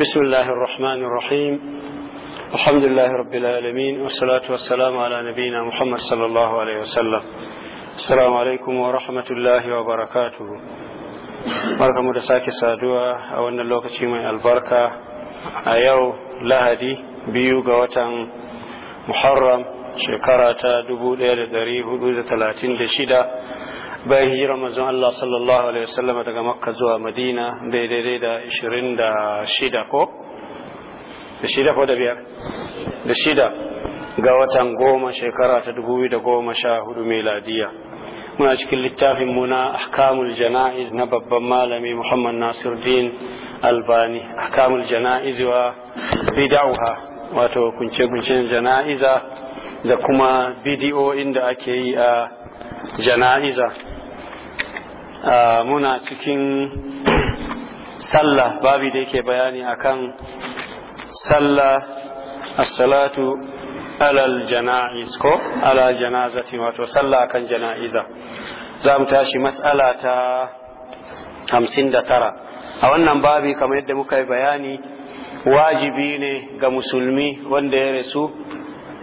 بسم الله الرحمن الرحيم الحمد لله رب العالمين والصلاة والسلام على نبينا محمد صلى الله عليه وسلم السلام عليكم ورحمة الله وبركاته barkamu da sake saduwa a wannan lokaci mai albarka a yau lahadi biyu ga watan muharram shekara ta 1436 bayan hijirar manzon Allah sallallahu alaihi wasallam daga makka zuwa madina daidai da 26 ko da shida ko da biyar da shida ga watan goma shekara ta dubu da goma sha hudu meladiya muna cikin littafin muna ahkamul jana'iz na babban malami muhammad nasir din albani ahkamul jana'iz wa bid'uha wato kunce kunce jana'iza da kuma bidiyo inda ake yi a jana'iza Ah, muna cikin sallah babi da yake bayani akan sallah as-salatu alal jana'iz ko ala janazati wato sallah kan jana'iza za mu tashi mas'ala ta hamsin da tara a wannan babi kamar yadda muka yi bayani wajibi ne ga musulmi wanda ya rasu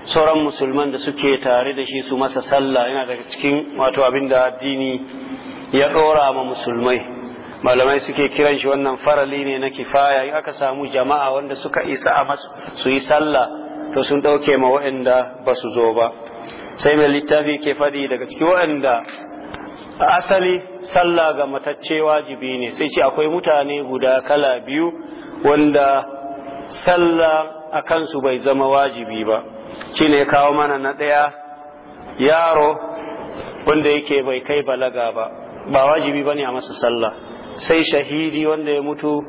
sauran musulman da suke tare da shi su masa sallah yana daga cikin wato abin da addini ya ɗora ma musulmai malamai suke kiran shi wannan farali ne na kifaya in aka samu jama'a wanda suka isa a masu su yi sallah to sun ɗauke ma waɗanda ba su zo ba sai mai littafi ke faɗi daga ciki waɗanda asali sallah ga matacce wajibi ne sai ce akwai mutane guda kala biyu wanda sallah a kansu bai zama wajibi ba shi ne kawo mana na ɗaya yaro wanda yake bai kai balaga ba ba wajibi bane a masa sallah sai shahidi wanda ya mutu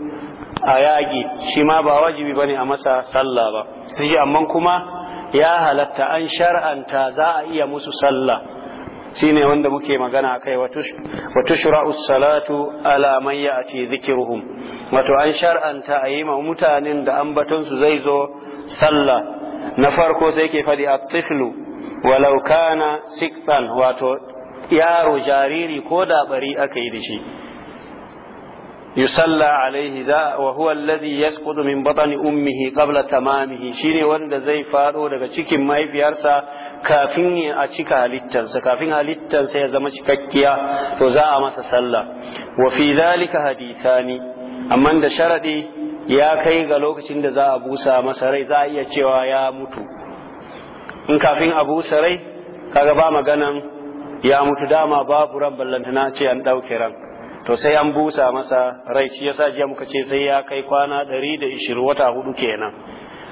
a yaƙi shi ma ba wajibi bane a masa sallah ba sai amma kuma ya halatta an shar'anta za a iya musu sallah shine wanda muke magana akai wa shura'us salatu ala man ya'ti dhikruhum wato an shar'anta a yi ma mutanen da ambaton su zai zo sallah na farko sai ke fadi at-tiflu walau kana siktan wato yaro jariri ko da bari aka yi da shi yusalla alaihi za wa huwa alladhi yasqutu min batni ummihi qabla tamamihi shine wanda zai fado daga cikin mahaifiyarsa kafin a cika halittarsa kafin halittarsa ya zama cikakkiya to za a masa sallah wa fi dhalika hadithani amma da sharadi ya kai ga lokacin da za a busa masa rai za a iya cewa ya mutu in kafin a busa rai kaga ba maganan ya mutu dama babu ran ballantana ce an ɗauke ran to sai an busa masa rai shi yasa jiya muka ce sai ya kai kwana ɗari da ishirin wata hudu kenan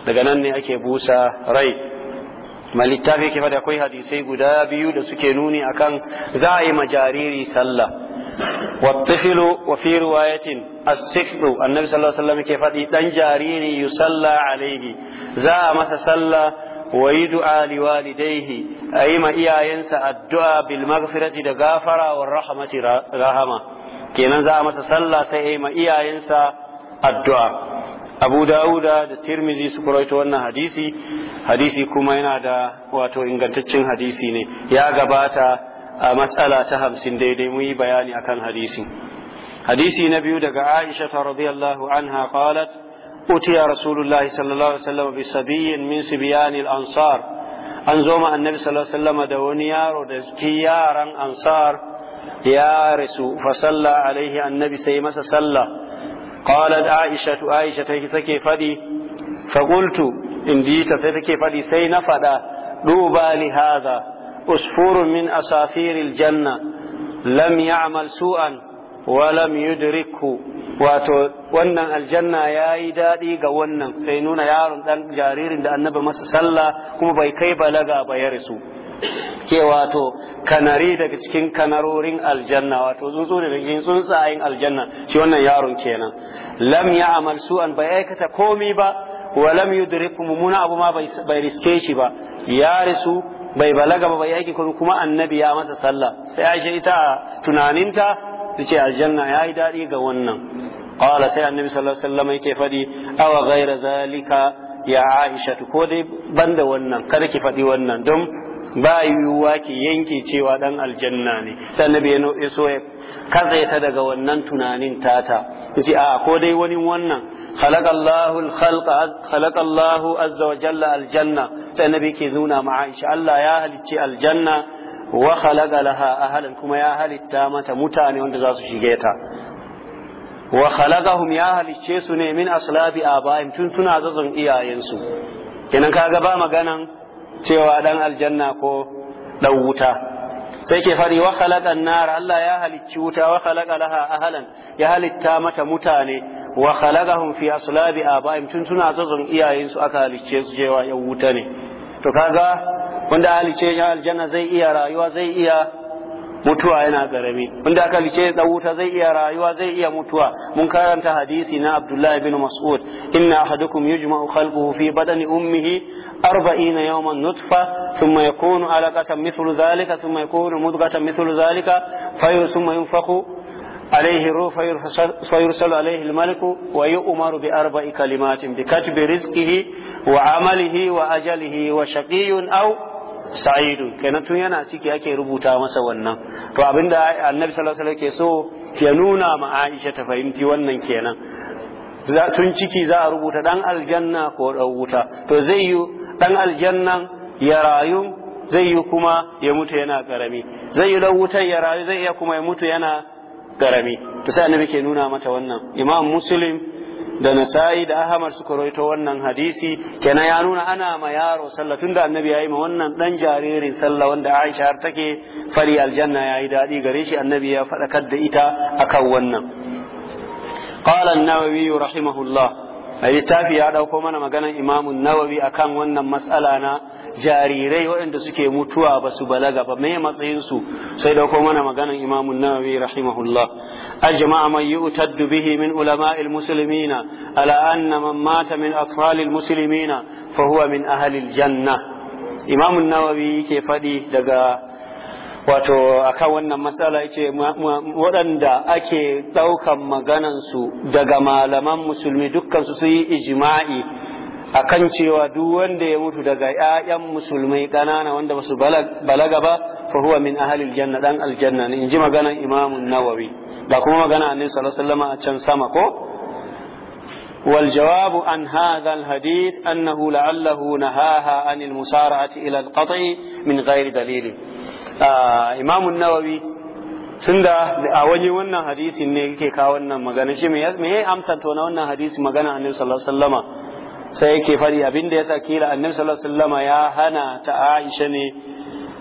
daga nan ne ake busa rai malittafi ke fada akwai hadisai guda biyu da suke nuni akan za a yi jariri sallah fi riwayatin as السحر annabi sallallahu alaihi wasallam ke fadi dan jariri yusalla alaihi za a masa sallah. wa yi du'a liwalidaihi a ma iyayensa addu'a bil maghfirati da gafarawar wa rahamati rahama kenan za a masa sallah sai a ma iyayensa addu'a abu dauda da tirmizi su kuraito wannan hadisi hadisi kuma yana da wato ingantaccen hadisi ne ya gabata a matsala ta hamsin daidai mu yi bayani akan hadisi hadisi na biyu daga aisha radiyallahu anha qalat أتي رسول الله صلى الله عليه وسلم بصبي من صبيان الأنصار أنزوم النبي صلى الله عليه وسلم دونيار ودكيارا أنصار يا رسول فصلى عليه النبي سيمس صلى قالت عائشة عائشة تكي فدي فقلت إن جيت سيتكي فدي سينفدا دوبا لهذا أسفور من أسافير الجنة لم يعمل سوءا walam yudriku wato wannan aljanna ya yi daɗi ga wannan sai nuna yaron ɗan jaririn da annabi masa sallah kuma bai kai balaga ba ya rasu ke wato kanari daga cikin kanarorin aljanna wato tsuntsu daga cikin tsuntsayen aljanna shi wannan yaron kenan lam ya amal su'an bai aikata komi ba wa lam yudriku mumuna abu ma bai riske shi ba ya risu bai balaga ba bai aiki kuma annabi ya masa sallah sai aisha ita tunaninta su aljanna ya yi daɗi ga wannan qala sai annabi sallallahu alaihi wasallam yake faɗi awa ghaira zalika ya aisha ko dai banda wannan kar ki faɗi wannan don ba yiwuwa ki yanke cewa dan aljanna ne sai annabi ya so ya kazaita daga wannan tunanin tata yace a ko dai wani wannan khalaqallahu al khalaqallahu azza wa jalla aljanna sai annabi ke nuna ma aisha Allah ya halicce aljanna wa khalaqa laha ahlan kuma ya halitta mata mutane wanda za su shige ta wa khalaqahum ya halicce su ne min aslabi abaim tun suna iyayen iyayensu kenan kaga ba maganan cewa dan aljanna ko dan wuta sai ke fari wa khalaqan nar Allah ya halicci wuta wa khalaqa laha ahlan ya halitta mata mutane wa khalaqahum fi aslabi abaim tun suna iyayen iyayensu aka halicce su cewa yan wuta ne to kaga wanda halice ya aljanna zai iya rayuwa zai iya mutuwa yana garami wanda aka lice da wuta zai iya rayuwa zai iya mutuwa mun karanta hadisi na Abdullah ibn Mas'ud inna ahadukum yujma'u khalquhu fi badani ummihi 40 yawman nutfa thumma yakunu alaqatan mithlu dhalika thumma yakunu mudghatan mithlu dhalika fa thumma yunfakhu عليه الروح فيرسل عليه الملك ويؤمر بأربع كلمات بكتب رزقه وعمله وأجله وشقي أو sa'idu kenan tun yana ciki ake rubuta masa wannan to abinda annabi sallallahu alaihi ke so ya nuna ma Aisha ta fahimci wannan kenan za tun ciki za a rubuta dan aljanna ko dan wuta to zai yi dan aljannan ya rayu zai yi kuma ya mutu yana karami zai yi dan wutan ya rayu zai iya kuma ya mutu yana karami to sai annabi ke nuna mata wannan imam muslim da nasa'i da ahmad suka roito wannan hadisi kenan ya nuna ana ma yaro sallah tunda annabi yayi ma wannan dan jaririn sallah wanda aisha har take fari aljanna yayi dadi gare shi annabi ya fadakar da ita akan wannan qala an-nawawi rahimahullah a littafi ya ɗauko mana maganan imamun nawawi akan wannan matsala na jarirai waɗanda suke mutuwa ba su balaga ba mai matsayinsu sai ɗauko mana maganan imamun nawawi rahimahullah ajma'a man yu'taddu bihi min ulama'il muslimina ala anna man mata min atfalil muslimina fa huwa min ahlil janna imamun nawawi yake faɗi daga wato akan wannan matsala ce waɗanda ake ɗaukan maganansu daga malaman musulmi dukkansu su yi ijima'i akan cewa duk wanda ya mutu daga 'ya'yan musulmai ƙanana wanda ba su balaga ba fa huwa min ahalil janna dan aljanna ne in ji maganan imamun nawawi da kuma magana annabi sallallahu alaihi wasallam a can sama ko wal والجواب عن هذا الحديث أنه لعله نهاها عن المسارعة ilal القطع min غير دليل imamun nawawi tunda a waje wannan hadisin ne yake kawo wannan magana shi me ya amsa to na wannan hadisi magana annabi sallallahu alaihi wasallama sai yake fari abinda yasa kila annabi sallallahu alaihi wasallama ya hana ta Aisha ne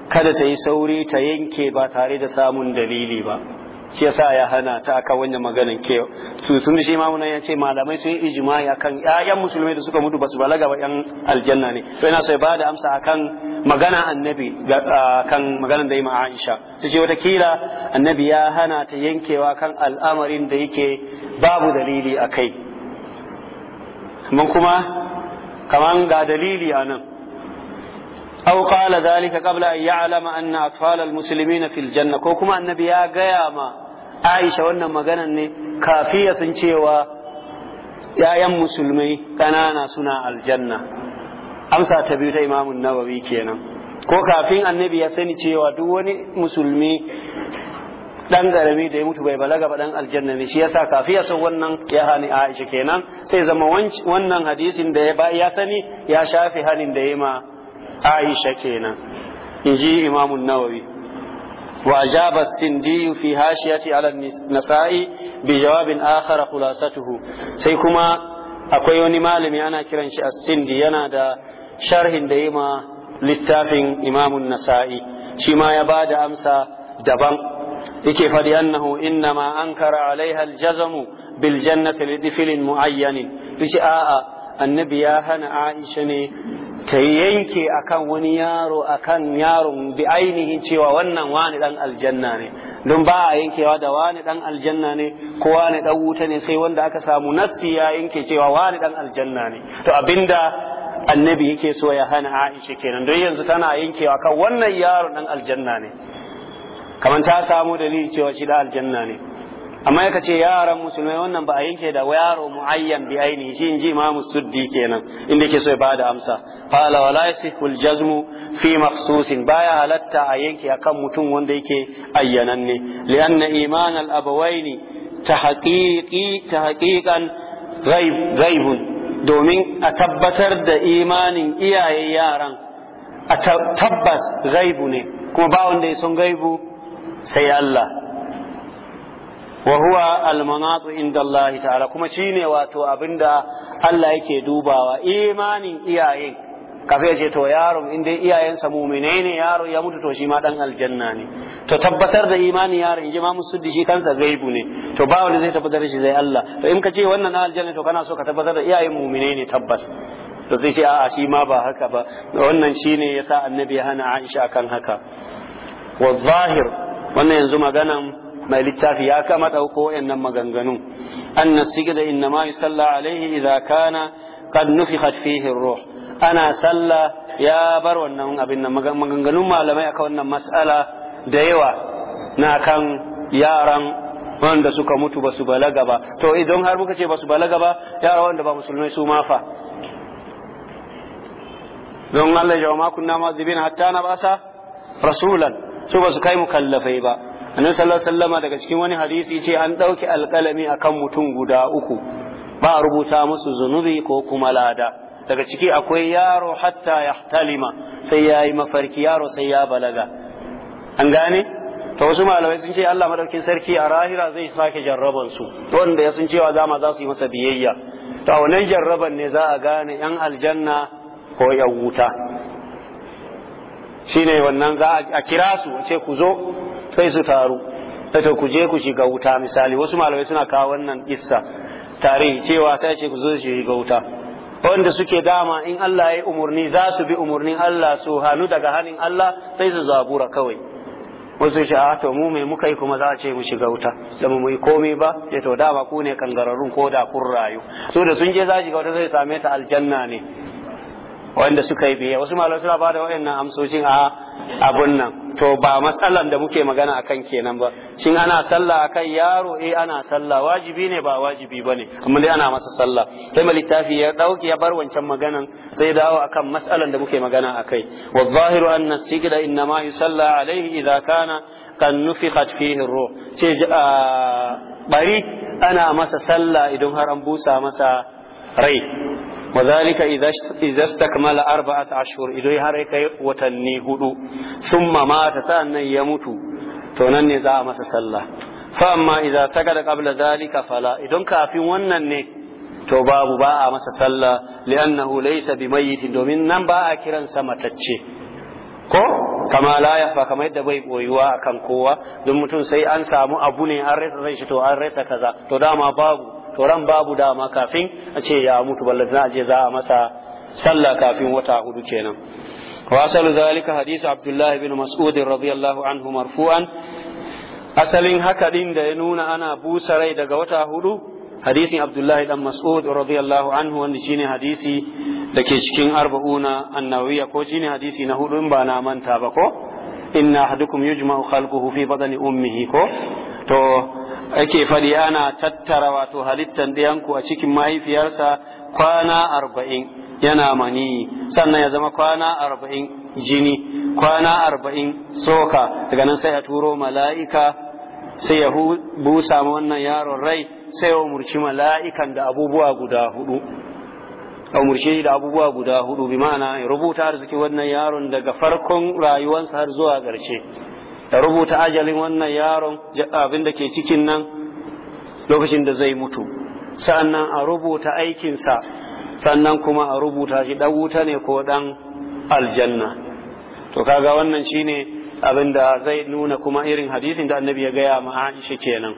kada ta yi sauri ta yanke ba tare da samun dalili ba shi yasa ya hana ta aka wannan maganan ke to sun shi imamu nan yace malamai sun yi ijma'i akan ƴaƴan musulmai da suka mutu basu balaga ba ƴan aljanna ne to ina so ya bada amsa akan magana annabi kan maganan da yi Aisha su ce wata kila annabi ya hana ta yankewa kan al'amarin da yake babu dalili akai mun kuma kaman ga dalili a nan aw qala dhalika qabla an ya'lama anna atfal almuslimina fil janna ko kuma annabi ya gaya ma Aisha wannan maganar ne kafiya sun cewa ‘ya'yan musulmai ƙanana suna aljanna amsa ta biyu ta imamun nawawi kenan ko kafin annabi ya sani cewa duk wani musulmi dan karami da ya mutu bai balaga ba dan aljanna ne shi yasa kafi ya san wannan ya hani Aisha kenan sai zama wannan hadisin da ya sani ya shafi hanin da ya ma aisha kenan in ji imamun nawawi wa ajaba sindi fi hashiyati ala nasa'i bi jawabin akhar khulasatuhu sai kuma akwai wani malami ana kiran shi a sindi yana da sharhin da ma littafin imamun nasa'i shi ma ya da amsa daban yake fadi annahu inna ma ankara alaiha aljazmu bil jannati li dhifil muayyan yace a'a annabi ya hana aisha ne ta yanke akan wani yaro akan yaron bi ainihin cewa wannan wani dan aljanna ne don ba a yankewa da wani dan aljanna ne ko wani dan wuta ne sai wanda aka samu nassi ya yanke cewa wani dan aljanna ne to abinda annabi yake so ya hana Aisha kenan don yanzu tana yankewa kan wannan yaron dan aljanna ne kamar ta samu dalili cewa shi da aljanna ne amma ya kace yaran musulmai wannan ba a yanke da yaro muayyan bi aini shi in ji imamu suddi kenan inda ke so ya bada amsa qala wala yasihul jazmu fi makhsusin baya halatta a yanke akan mutum wanda yake ayyananne lianna iman al abawaini tahqiqi tahqiqan ghaib ghaibun domin a tabbatar da imanin iyaye yaran a tabbas gaibu ne kuma ba wanda ya san gaibu sai Allah wa huwa almanatu inda Allah ta'ala kuma shine wato abinda Allah yake dubawa imanin iyayen kafa ya ce to yaron in dai iyayensa mumine ne yaro ya mutu to shi ma dan aljanna ne to tabbatar da imani yaron in ji ma musuddi shi kansa gaibu ne to ba wanda zai tabbatar shi zai Allah to in ka ce wannan na aljanna to kana so ka tabbatar da iyayen mumine ne tabbas to sai ce a'a shi ma ba haka ba wannan shine yasa annabi ya hana Aisha kan haka wa zahir wannan yanzu maganan mai littafi ya kama ɗauko wayannan maganganun anna da inna ma yusalla alaihi idza kana qad nufikhat fihi ruh ana salla ya bar wannan abin nan maganganun malamai akan wannan mas'ala da yawa na kan yaran wanda suka mutu ba su balaga ba to idan har muka ce ba su balaga ba yara wanda ba musulmai su ma fa don Allah ya ma kunna hatta na sa rasulan su ba su kai mukallafai ba annabi sallallahu alaihi wasallama daga cikin wani hadisi ce an ɗauki alƙalami akan mutum guda uku ba a rubuta musu zunubi ko kuma lada daga ciki akwai yaro hatta ya talima sai ya yi mafarki yaro sai ya balaga an gane ta wasu malamai sun ce Allah madaukin sarki a rahira zai sake jarraban su wanda ya sun cewa zama za su yi masa biyayya to a wannan jarraban ne za a gane yan aljanna ko yan wuta shine wannan za a kira su a ce ku zo sai su taru ta ku je ku shiga wuta misali wasu malamai suna kawo wannan issa tarihi cewa sai ce ku zo su shiga wuta wanda suke dama in Allah ya umurni za su bi umarnin Allah su hannu daga hannun Allah sai su zabura kawai wasu shi a ah, to mu mai muka yi kuma za a ce mu shiga wuta da mu yi komai ba ya to dama ku ne kangararrun ko da kun rayu so da sun je za shiga wuta sai same ta aljanna ne wanda suka yi biya wasu malamai suna bada waɗannan amsoshin a abun nan to ba matsalan da muke magana akan kenan ba shin ana sallah akan yaro eh ana sallah wajibi ne ba wajibi bane amma dai ana masa sallah sai littafi ya dauke ya bar wancan maganan sai dawo akan matsalan da muke magana akai wa zahiru anna sigda innama yusalla alaihi idza kana kan nufiqat fihi ruh ce bari ana masa sallah idan har an busa masa rai wa zalika idza arba'a ta ashhur idan har ya kai watanni hudu summa mata nan ya mutu to nan ne za a masa sallah fa amma idza sakata qabla zalika fala idan kafin wannan ne to babu ba a masa sallah li'annahu laysa bimayyitin domin nan ba a kiran sa matacce ko kama la ya yadda bai boyuwa akan kowa don mutum sai an samu abu ne an rasa zai to an rasa kaza to dama babu to ran babu dama kafin a ce ya mutu ballantana a je za a masa sallah kafin wata hudu kenan وأصل ذلك حديث عبد الله بن مسعود رضي الله عنه مرفوعا أصل هكا دين دينون أنا بوسى ريدا قوتا هدو حديث عبد الله بن مسعود رضي الله عنه أن جيني حديثي لكي جكين أربعون النووية كو جيني حديثي نهدو بانا من تابكو إن أحدكم يجمع خلقه في بطن أمه كو تو ake faɗi ana tattara wato halittan ɗiyanku a cikin mahaifiyarsa kwana arba'in yana maniyi sannan ya zama kwana arba'in jini kwana arba'in soka daga nan sai a turo mala'ika sai ya busa wannan yaron rai sai ya umurci mala'ikan da abubuwa guda hudu a umurce da abubuwa guda hudu bi ma'ana rubuta arziki wannan yaron daga farkon rayuwarsa har zuwa ƙarshe da rubuta ajalin wannan yaron abin da ke cikin nan lokacin da zai mutu sannan a rubuta aikinsa sannan kuma a rubuta shi dan wuta ne ko dan aljanna to kaga wannan shine abin da zai nuna kuma irin hadisin da annabi ya gaya ma Aisha kenan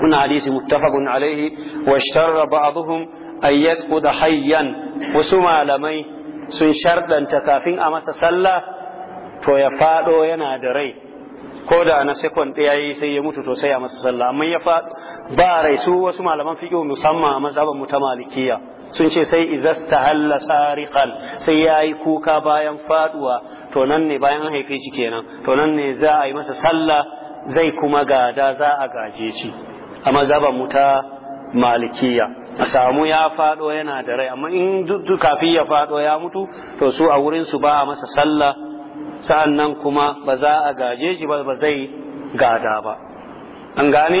kuna hadisi muttafaqun alaihi wa ishtarra ba'dhum an yasqud hayyan wasu malamai sun sharɗanta kafin a masa sallah to ya fado yana da rai ko da na sekon ɗaya yi sai ya mutu to sai a masa sallah amma ya fa ba rai su wasu malaman fiƙo musamman a mazhaban ta malikiya sun ce sai izasta halla sariqan sai ya yi kuka bayan faduwa to nan ne bayan an haife shi kenan to nan ne za a yi masa sallah zai kuma gada za a gaje shi a mazhaban ta malikiya a samu ya faɗo yana da rai amma in kafin ya fado ya mutu to su a wurin su ba a masa sallah sa'an nan kuma ba za a gaje shi ba zai gada ba an gane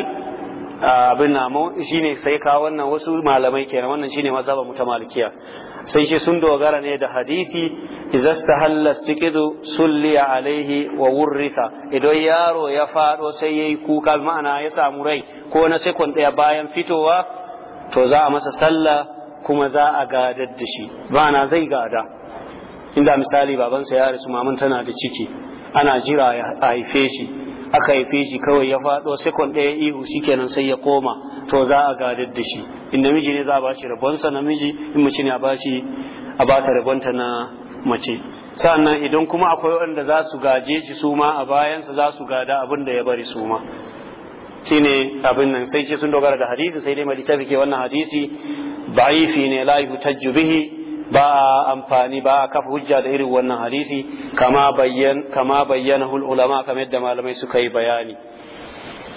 abin namo ne sai ka wannan wasu malamai kenan wannan maza ba mu ta malikiya sai shi sun dogara ne da hadisi izasta Hallas, sikidu sulliya alaihi wa wurrisa idan yaro ya fado sai yayi kuka ma'ana ya samu rai ko na sekon daya bayan fitowa to za a masa sallah kuma za a gadar da shi Ba na zai gada inda misali babansa ya rasu maman tana da ciki ana jira a haife shi aka haife shi kawai ya faɗo sekon ɗaya ihu shikenan sai ya koma to za a gadar da shi in namiji ne za a bashi rabonsa namiji in mace ne a bashi a bata rabonta na mace sannan idan kuma akwai wanda za su gaje shi su ma a bayansa za su gada abin da ya bari su ma shine abin nan sai ce sun dogara da hadisi sai dai mai littafi ke wannan hadisi ba'ifi ne la yuhtajju bihi ba amfani ba kafa hujja da irin wannan hadisi kama bayyana kama bayyanahu ulama kamar yadda malamai suka yi bayani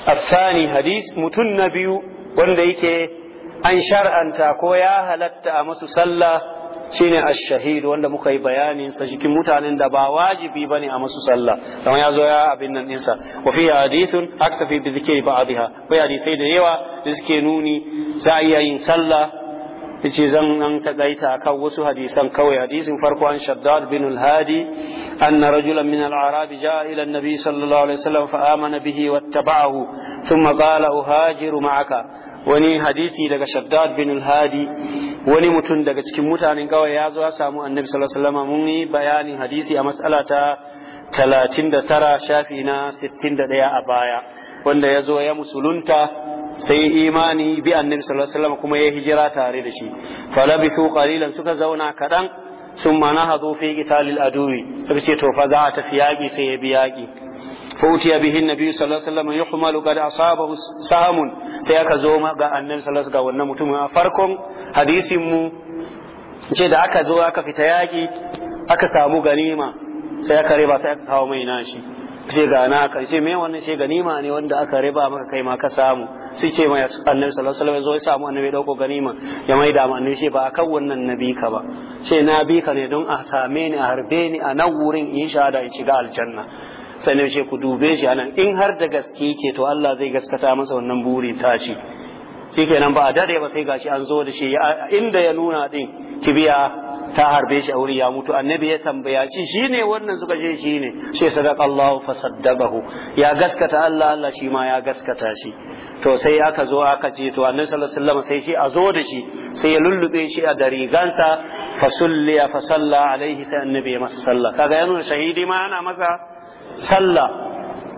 Asani hadis mutum na biyu wanda yake an shar'anta ko ya halatta a masu sallah shine a shahid wanda muka yi bayanin sa cikin mutanen da ba wajibi bane a masu sallah kamar ya zo ya abin nan dinsa wa fi hadithun aktafi bi dhikri ba'dha akwai hadisai da yawa da suke nuni za a iya yin sallah yace zan an takaita akan wasu hadisan kawai hadisin farko an shaddad bin al-hadi anna rajulan min al-arab jaa ila an-nabi sallallahu alaihi wasallam fa amana bihi wattaba'ahu thumma qala uhajiru ma'aka wani hadisi daga shaddad bin al-hadi wani mutum daga cikin mutanen kawai ya zo ya samu annabi sallallahu alaihi wasallam mun yi bayanin hadisi a mas'ala ta 39 shafi na 61 a baya wanda ya zo ya musulunta sai imani bi annabi sallallahu alaihi wasallam kuma ya hijira tare da shi falabisu qalilan suka zauna kadan summa nahadu fi qitalil adui suka ce to fa za a tafi yaƙi sai ya bi yaƙi فأتي به النبي صلى الله a وسلم يحمل sai aka سهم سيأك farkon ce da aka zo aka fita yaƙi aka samu ganima sai aka riba sai aka kawo mai nashi sai ga na kan ce me wannan sai ganima ne wanda aka riba maka kai ma ka samu sai ce mai annabi sallallahu alaihi wasallam ya samu annabi dauko ganima ya mai da annabi shi ba akan wannan nabi ka ba ce na bi ka ne don a same ni a harbe ni a nan wurin in shahada in shiga aljanna sai ne ce ku dube shi anan in har da gaske ke to Allah zai gaskata masa wannan burin tashi kenan ba a dade ba sai gashi an zo da shi inda ya nuna din kibiya ta harbe shi a wuri ya mutu annabi ya tambaya shi shine wannan suka ce ne shi sadaqa Allah fa saddaqahu ya gaskata Allah Allah shi ma ya gaskata shi to sai aka zo aka ce to annabi sallallahu alaihi wasallam sai shi a zo da shi sai ya lullube shi a darigansa fa sulliya fa salla alaihi sai annabi ya masa sallah kaga yana shahidi ma ana masa sallah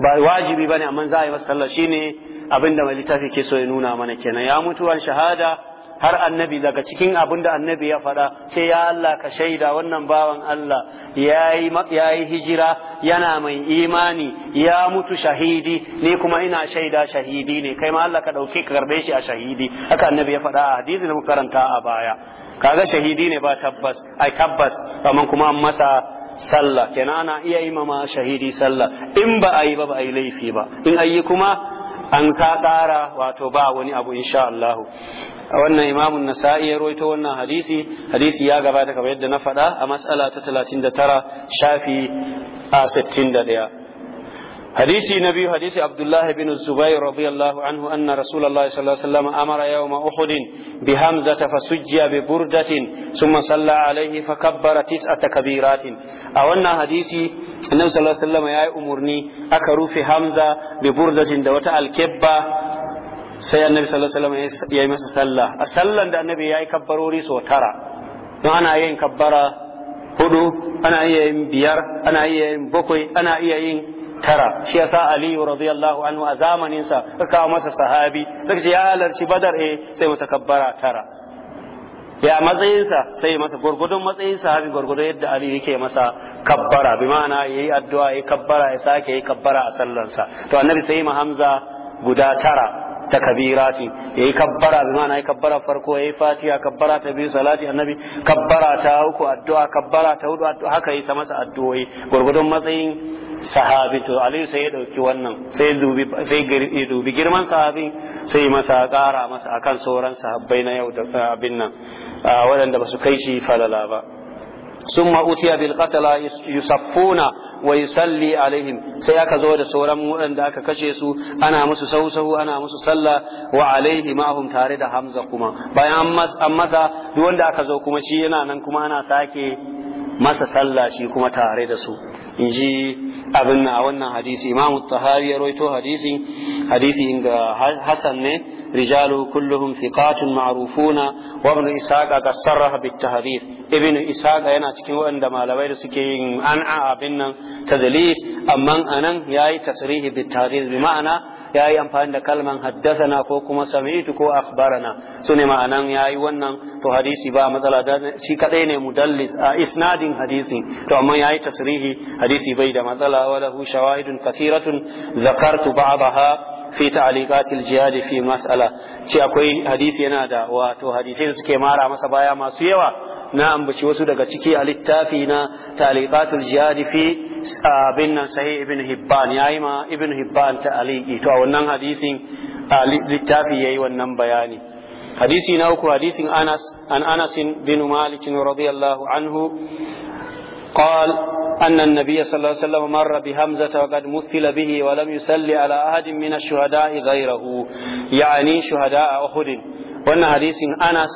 ba wajibi bane amma za a yi masa sallah shine abinda mai littafi ke so ya nuna mana kenan ya mutu an shahada har annabi daga cikin abin da annabi ya faɗa sai ya Allah ka shaida wannan bawan Allah ya yi hijira yana mai imani ya mutu shahidi ni kuma ina shaida shahidi ne kai ma Allah ka ɗauki ka karɓe shi a shahidi haka annabi ya faɗa a hadisi da karanta a baya kaga shahidi ne ba tabbas ai tabbas amma kuma masa sallah kenan ana iya yi ma shahidi sallah in ba a ba ba a yi laifi ba in ayi kuma an sa ƙara wato ba wani abu insha Allah wannan imamun nasa'i ya roito wannan hadisi hadisi ya gabata kamar yadda na faɗa a matsala ta 39 shafi a 61 حديثي نبي حديث عبد الله بن الزبير رضي الله عنه أن رسول الله صلى الله عليه وسلم أمر يوم أحد بهمزة فسجي ببردة ثم صلى عليه فكبر تسعة كبيرات أو أن حديثي النبي صلى الله عليه وسلم يا أمرني أكرو في همزة ببردة دوتا الكبة sai annabi sallallahu alaihi wasallam ya yi masa sallah a sallan da annabi ya yi kabbarori so tara don ana yin kabbara hudu ana iya yin biyar ana iya yin bakwai ana iya yin tara shi yasa aliyu radiyallahu anhu a zamanin sa kawo masa sahabi suka ce ya halarci badar eh sai masa kabbara tara ya matsayin sa sai masa gurgudun matsayin sahabi gurgudun yadda ali yake masa kabbara bi ma'ana yayi addu'a yayi kabbara ya sake yayi kabbara a sallarsa to annabi sai ma hamza guda tara ta kabirati ya yi kabbara bi ma'ana yayi kabbara farko ya yi fatiha kabbara ta biyu salati annabi kabbara ta uku addu'a kabbara ta hudu addu'a haka yi ta masa addu'o'i gurgudun matsayin sahabi to Aliyu sai ya ɗauki wannan sai dubi ya dubi girman sahabi sai masa ƙara masa akan sauran sahabbai na yau da abin nan waɗanda ba su kai shi falala ba summa utiya bil qatala yusaffuna wa yusalli alaihim sai aka zo da sauran waɗanda aka kashe su ana musu sausahu ana musu sallah wa alaihi ma tare da hamza kuma bayan an masa duk wanda aka zo kuma shi yana nan kuma ana sake masa sallah shi kuma tare da su in ji abin a wannan hadisi imamu tahari ya roito hadisi hadisi inda hasan ne rijalu kulluhum thiqatun ma'rufuna wa ibn isaqa qad sarraha bit ibn isaqa yana cikin wanda malamai da suke yin an'a abin nan tadlis amma anan yayi tasrihi bit tahdhir bi ma'ana ya yi amfani da kalman haddasana ko kuma sami'tu ko akhbarana su ne ma'anan ya yi wannan to hadisi ba matsala shi kadai ne mudallis a isnadin hadisi to amma ya yi tasrihi hadisi bai da matsala wadahu shawahidun kafiratun zakartu ba'daha fi ta'liqatil jihad fi mas'ala ce akwai hadisi yana da wato hadisai da suke mara masa baya masu yawa na ambaci wasu daga ciki a littafi na ta'liqatul jihad fi abin nan sahih ibn hibban yayi ma ibn hibban ta'liqi to wannan hadisin littafi yayi wannan bayani hadisi na uku hadisin Anas an Anas bin Malik radiyallahu anhu قال أن النبي صلى الله عليه وسلم مر بهمزة وقد مثل به ولم يسلي على أحد من الشهداء غيره يعني شهداء أحد وأن حديث أنس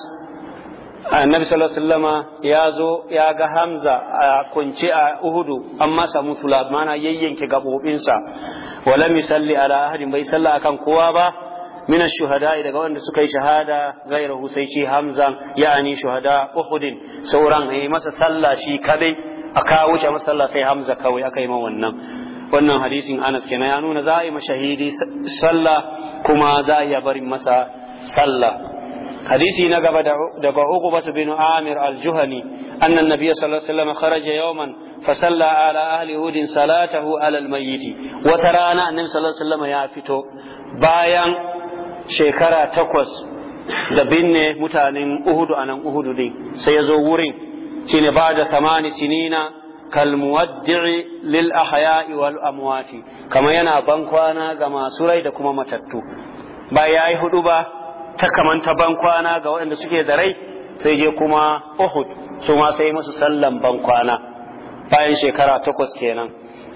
annabi sallallahu alaihi wasallama ya zo ya ga hamza a kunce a uhudu an masa musula mana yayyanke gabobinsa wala misalli ala ahadin bai salla kan kowa ba min shuhada daga wanda suka yi shahada gairu sai shi hamza ya'ani shuhada uhudin sauran yi masa sallah shi kadai a kawo shi masallah sai hamza kawai aka yi ma wannan wannan hadisin anas kenan ya nuna za a yi mashahidi sallah kuma za a iya masa sallah حديثي نقب دقا عقبة بن عامر الجهني أن النبي صلى الله عليه وسلم خرج يوما فصلى على أهل هود صلاته على الميت وترى أن النبي صلى الله عليه وسلم يافتو بايا شكرا تقوس da binne mutanen Uhudu anan Uhudu din sai ya zo wurin shine bada samani sinina kalmuwaddi'i lil ahya'i wal amwati kama yana ban kwana ga masu rai da kuma matattu ba yayi hudu ba ta kamanta ban kwana ga waɗanda suke da rai sai je kuma Uhud su ma sai musu sallan ban kwana bayan shekara takwas kenan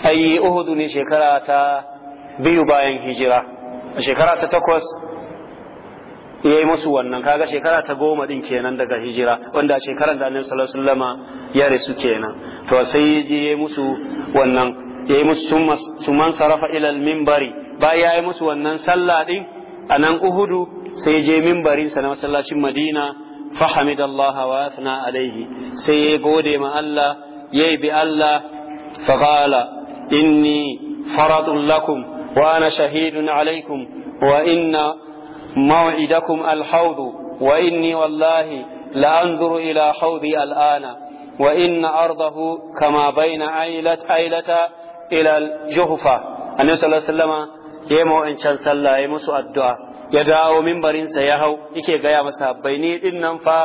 ai Uhud ne shekara ta biyu bayan hijira shekara ta takwas yayi musu wannan kaga shekara ta goma din kenan daga hijira wanda a shekaran da annabi sallallahu alaihi wasallama ya rasu kenan to sai je yayi musu wannan yayi musu suman sarafa ila minbari bayan yi musu wannan sallah din a nan uhudu sai je minbarin sa na masallacin madina fahamid Allah wa athna alaihi sai yayi gode ma Allah yayi bi Allah fa qala inni faradun lakum wa ana shahidun alaikum wa inna موعدكم الحوض وإني والله لأنظر إلى حوضي الآن وإن أرضه كما بين عيلة عيلة إلى الجهفة النبي صلى الله عليه وسلم يمو إن شان صلى يمسو الدعاء يدعو من برنسا يهو إكي قيا مسابيني إنن فا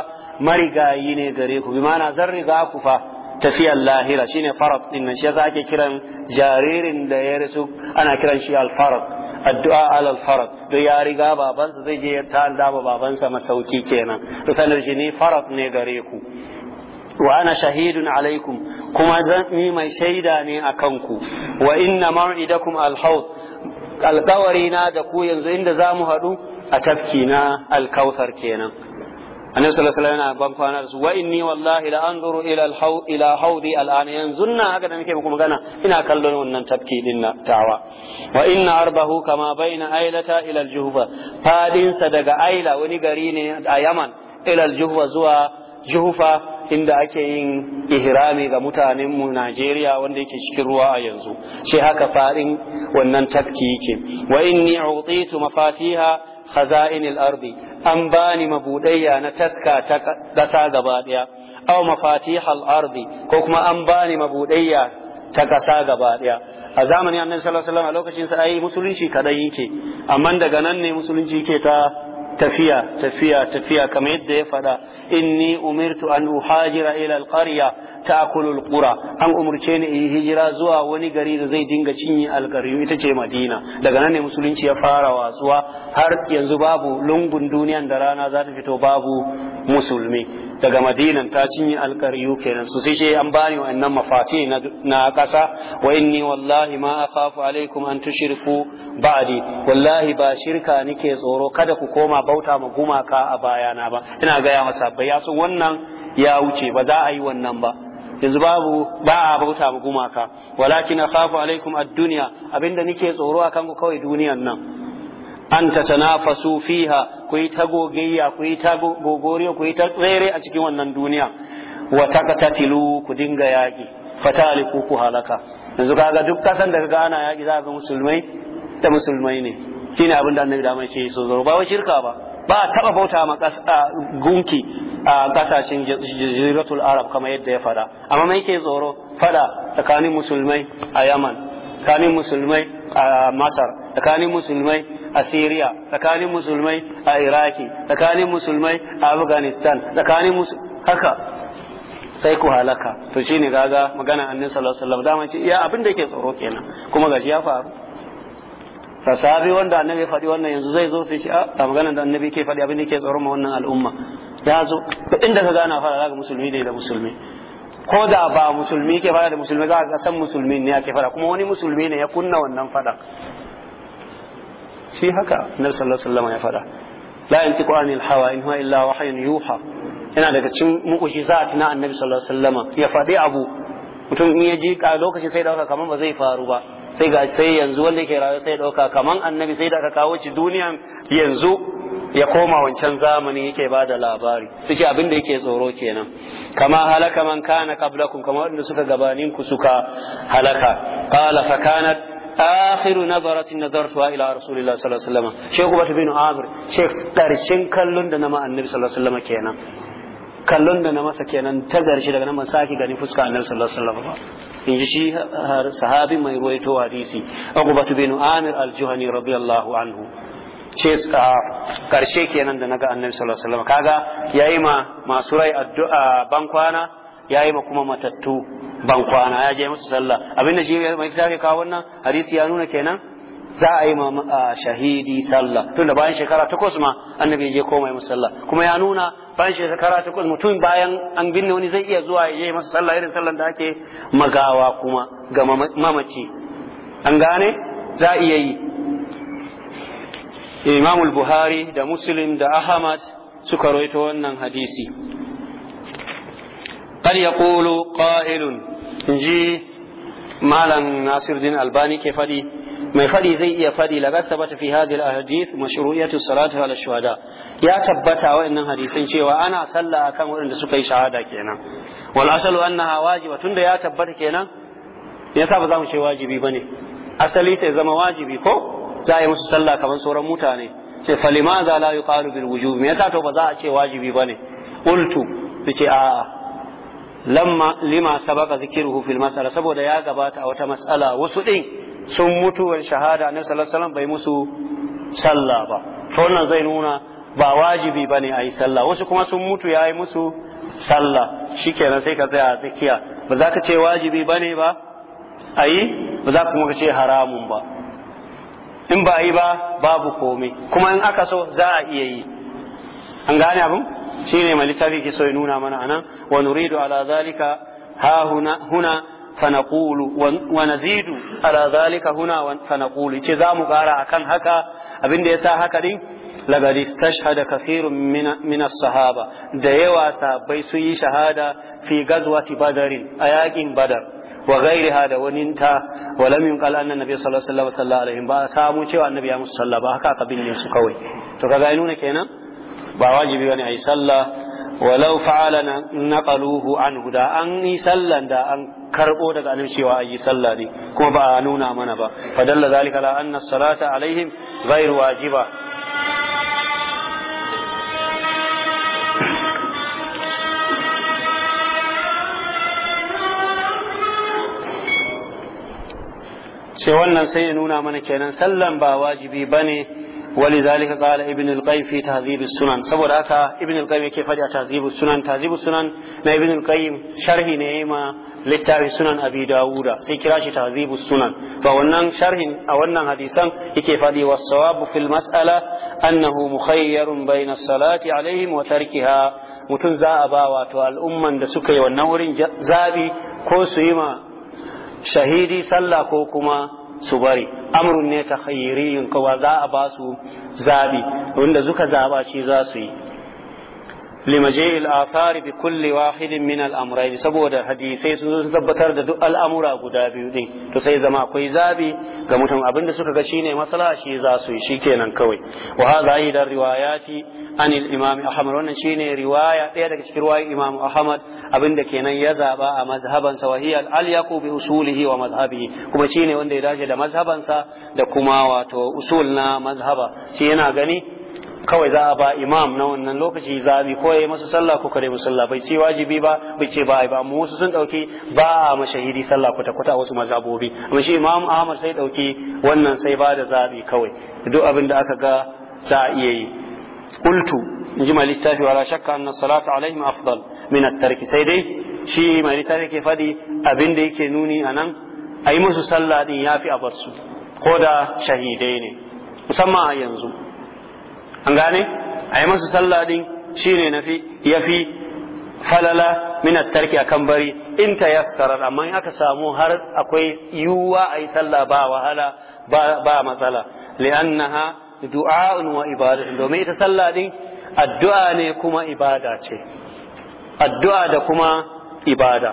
مرقايني غريكو بما نظر رقاكو فا tafiyar lahira shine farad din nan shi yasa ake kiran jaririn da ya rasu ana kiran shi al-farad addu'a alal farad duk ya riga babansa zai je ta ba babansa masauki kenan to sanar shi ni farad ne gare ku wa ana shahidun alaikum kuma zan ni mai shaida ne akan ku wa inna maw'idakum alhawd alƙawari na da ku yanzu inda za mu haɗu a tafki na alkautar kenan annabi sallallahu yana ban kwana da su wa inni wallahi la anzuru ila al ila haudi al'ana yanzu na haka da nake muku magana ina kallon wannan tafki din dawa. tawa wa inna arbahu kama baina ailata ila al-juhfa fadin sa daga aila wani gari ne a yaman ila al-juhfa zuwa Juhufa inda ake yin ihrami ga mutanen mu Najeriya wanda yake cikin ruwa a yanzu shi haka fadin wannan tafki yake wa inni utitu mafatiha khaza'in arbi. an bani mabuɗayya na taska ta ƙasa gaba ɗaya aw mafatihal ardi ko kuma an bani mabuɗayya ta ƙasa gaba ɗaya a zamanin annabi sallallahu alaihi wasallam a lokacin sa ai musulunci kadan yake amma daga nan ne musulunci yake ta tafiya tafiya tafiya kamar yadda ya faɗa inni umirtu an uhajira ila alqarya ta'kulu alqura an umurce ni in hijira zuwa wani gari da zai dinga cinye alqaryu ita ce madina daga nan ne musulunci ya fara wasuwa har yanzu babu lungun duniyan da rana za ta fito babu musulmi daga madinan ta cinye alkariyu kenan su sai an bani wa'annan mafati na kasa wa inni wallahi ma akhafu alaikum an tushriku ba'di wallahi ba shirka nike tsoro kada ku koma bauta ma gumaka a bayana ba ina gaya masa bai ya wannan ya wuce ba za a yi wannan ba yanzu babu ba a bauta ma gumaka walakin akhafu alaikum ad-dunya abinda nike tsoro akan ku kawai duniyan nan an tanafasu fiha ku yi ta gogayya ku yi ta gogoriyo ku yi ta tsere a cikin wannan duniya wa taqtatilu ku dinga yaƙi fataliku ku halaka yanzu kaga duk kasan da kaga ana yaƙi za ga musulmai ta musulmai ne shine abin da annabi da mai shi so ba wai shirka ba ba a taba bauta ma gunki a kasashen jiratul arab kamar yadda ya fada amma mai ke tsoro fada tsakanin musulmai a yaman tsakanin musulmai a masar tsakanin musulmai a Syria tsakanin musulmai a Iraki tsakanin musulmai a Afghanistan tsakanin haka sai ku halaka to shine ga magana annabi sallallahu alaihi wasallam dama ce iya abin da yake tsoro kenan kuma gashi ya faru sahabi wanda annabi ya faɗi wannan yanzu zai zo sai shi a magana da annabi ke faɗi abin da yake tsoro ma wannan al'umma ya zo to inda ka gana fara daga musulmi ne da musulmi ko da ba musulmi ke fara da musulmi za ka san musulmi ne ke fara kuma wani musulmi ne ya kunna wannan fada shi haka annabi sallallahu alaihi ya fada la yantiqu anil hawa in huwa illa wahyun yuha yana daga cikin mu'jizat na annabi sallallahu alaihi wasallam ya fadi abu mutum in ya ji lokaci sai dauka kaman ba zai faru ba sai ga sai yanzu wanda yake rayuwa sai dauka kaman annabi sai da aka kawo shi duniyan yanzu ya koma wancan zamani yake ba da labari su ce abin da yake tsoro kenan kama halaka man kana qablakum kama wanda suka gabanin ku suka halaka qala fa kanat akhiru nazaratin nazartuha ila rasulillahi sallallahu alaihi wasallam sheikh ubatu bin amir kallon da na masa kenan ta garshe daga nan ban sake fuska annabi sallallahu alaihi wasallam ba in shi sahabi mai ruwaito hadisi ubatu bin amir al-juhani anhu karshe kenan da naga annabi sallallahu alaihi wasallam kaga yayi ma masu rai addu'a bankwana yayi ma kuma matattu ban kwana ya je musu sallah abinda shi mai tafi kawo wannan hadisi ya nuna kenan za a yi ma shahidi sallah tun da bayan shekara takwas ma annabi je komai musu sallah kuma ya nuna bayan shekara takwas mutum bayan an binne wani zai iya zuwa ya masa sallah irin sallan da ake magawa kuma ga mamaci an gane za a iya yi imamul buhari da muslim da ahmad suka rawaito wannan hadisi qad yaqulu qa'ilun inji malam din Albani ke faɗi mai faɗi zai iya fadi la bata fi hadhihi al-ahadith mashru'iyatu salatu ala shuhada ya tabbata wa'annan hadisan cewa ana sallah akan waɗanda suka yi shahada kenan wal asalu annaha wajiba tunda ya tabbata kenan yasa ba za mu ce wajibi bane asali sai zama wajibi ko za a yi musu sallah kamar sauran mutane ce falima za la me yasa to ba za a ce wajibi bane qultu su ce a'a lamma lima sabaka zikiruhu fil mas'ala saboda ya gabata a wata mas'ala wasu din sun mutuwar shahada annabi sallallahu alaihi wasallam bai musu sallah ba to wannan zai nuna ba wajibi bane yi sallah wasu kuma sun mutu ya yi musu sallah shikenan sai ka tsaya a tsakiya ba za ka ce wajibi bane ba ayi ba za kuma ce haramun ba in ba yi ba babu komai kuma in aka so za a iya yi an gane abin shine mai littafi ke so ya nuna mana anan wa nuridu ala kara akan haka abinda yasa haka din laqad istashhada kathirun min da yawa sabai su shahada fi gazwati badarin a yakin badar wa ghairiha cewa kawai to kenan ba wajibi bane ayi sallah walau fa'ala naqaluhu an da an yi sallan da an karbo daga annabi cewa ayi sallah ne kuma ba a nuna mana ba fadalla zalika la anna salata alaihim ghair wajiba sai wannan sai ya nuna mana kenan sallan ba wajibi bane ولذلك قال ابن القيم في تهذيب السنن saboda haka ibn al-qayyim yake fadi a tahzibus sunan tahzibus sunan na ibn al-qayyim sharhi ne ma littafin sunan abi dawuda sai kira shi sunan to wannan sharhin a wannan hadisan yake faɗi was-sawab fil mas'ala annahu mukhayyarun bayna as-salati wa tarkiha mutun za a ba wato al'umman da suka yi wannan wurin zabi ko su yi ma shahidi sallah ko kuma su bari amrun ne ta khayriyun kowa za a ba su zabi wanda suka zaɓa shi za su yi limaje al'athari bi kulli wahidin min al'amurai saboda hadisai sun tabbatar da duk al'amura guda biyu din to sai zama akwai zabi ga mutum abinda suka ga shine masala shi za su yi kenan kawai wa hadha ida riwayati an imam ahmad wannan shine riwaya daya daga cikin riwayoyin imam ahmad abinda kenan ya zaba a mazhaban sa wahiya al-yaqu bi usulihi wa madhhabihi kuma shine wanda ya dace da mazhaban sa da kuma wato usul na mazhaba shi yana gani kawai za a ba imam na wannan lokaci zabi ko ya masa sallah ko kare masa sallah bai ce wajibi ba bai ce ba ba mu wasu sun dauki ba a mashahidi sallah kuta kwata wasu mazabobi amma shi imam ahmad sai dauki wannan sai ba da zabi kawai duk abin da aka ga za a iya yi qultu in ji mai littafi wala shakka anna salatu alaihim afdal min at-tark sai dai shi mai littafi ke fadi abin da yake nuni anan ayi musu sallah din yafi a basu ko da shahidai ne musamman a yanzu an gane a yi masa sallah din shine nafi yafi falala min tarki akan bari in ta yassara amma in aka samu har akwai yiwuwa a yi sallah ba wahala ba matsala li'annaha du'a'un wa ibadatun domin ita sallah din addu'a ne kuma ibada ce addu'a da kuma ibada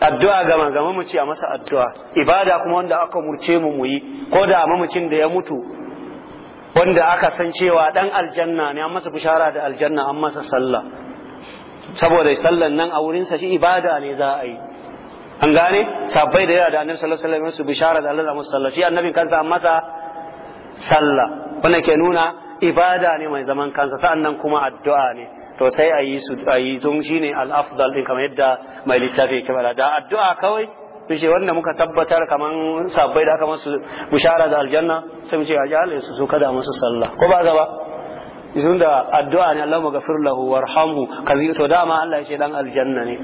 addu'a gama gama mu ce a masa addu'a ibada kuma wanda aka murce mu muyi yi ko da mamacin da ya mutu wanda aka san cewa dan aljanna ne an masa bishara da aljanna an masa sallah saboda sallan nan a wurin sa shi ibada ne za a yi an gane sabbai da yawa da annabi sallallahu alaihi wasallam su bishara da Allah masa sallah shi annabin kansa an masa sallah wannan ke nuna ibada ne mai zaman kansa sa'annan kuma addu'a ne to sai a yi su a yi don shine al-afdal din kamar yadda mai littafi ke da addu'a kawai bishe wanda muka tabbatar kaman sabbai da aka masu bushara da aljanna sai mu ce a jale su su kada masu sallah ko ba gaba izun da addu'a ne Allahumma ghafir lahu warhamhu kazi to dama Allah ya ce dan aljanna ne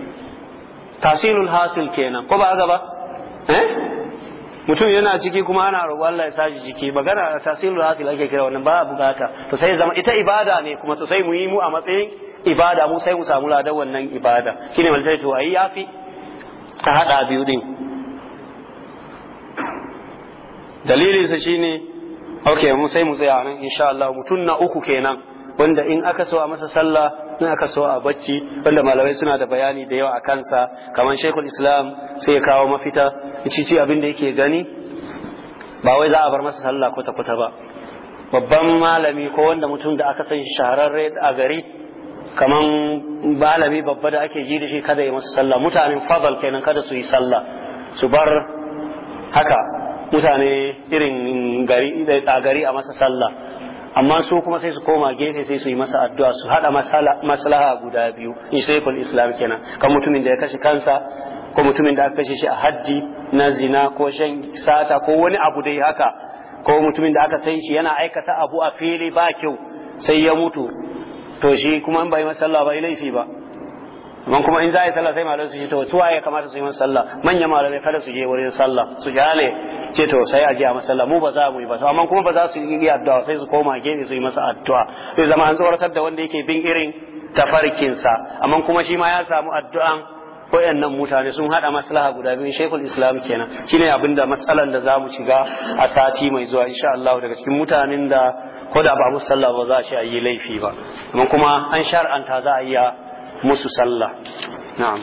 tasilul hasil kenan ko ba gaba eh mutum yana ciki kuma ana roƙo Allah ya saji ciki magana tasirin hasil ake kira wannan ba bukata to sai zama ita ibada ne kuma to sai mu yi mu a matsayin ibada mu sai mu samu ladan wannan ibada shine malta to ai yafi ta hada biyu din dalilinsa shi shine ok mu sai mu tsaya nan insha Allah mutun na uku kenan wanda in aka so a masa sallah in aka so a bacci wanda malamai suna da bayani da yawa a kansa kamar shekul islam sai ya kawo mafita cici abin da yake gani ba wai za a bar masa sallah kwata-kwata ba babban malami ko wanda mutum da aka san shahararre a gari kaman balami babba da ake ji da shi kada yi masa sallah mutanen fadal kenan kada su yi sallah su bar haka mutane irin gari da gari a masa sallah amma su kuma sai su koma gefe sai su yi masa addu'a su hada maslaha guda biyu shekul islam kenan kan mutumin da ya kashe kansa ko mutumin da aka kashe shi a haddi na zina ko shan sata ko wani abu dai haka ko mutumin da aka san shi yana aikata abu a fili ba kyau sai ya mutu to shi kuma in bai masa sallah ba laifi ba amma kuma in za a yi sallah sai malamai su ce to su waye kamata su yi masa sallah manyan malamai kada su je wurin sallah su jale ce to sai a je a masa sallah mu ba za mu yi ba amma kuma ba za su yi addu'a sai su koma gefe su yi masa addu'a sai zama an tsoratar da wanda yake bin irin tafarkinsa amma kuma shi ma ya samu addu'an wayannan mutane sun hada maslaha guda biyu shekul islam kenan shine abinda matsalar da zamu shiga a sati mai zuwa insha Allah daga cikin mutanen da ko da ba musu sallah ba za a ce yi laifi ba amma kuma an shar'anta za a yi musu sallah na'am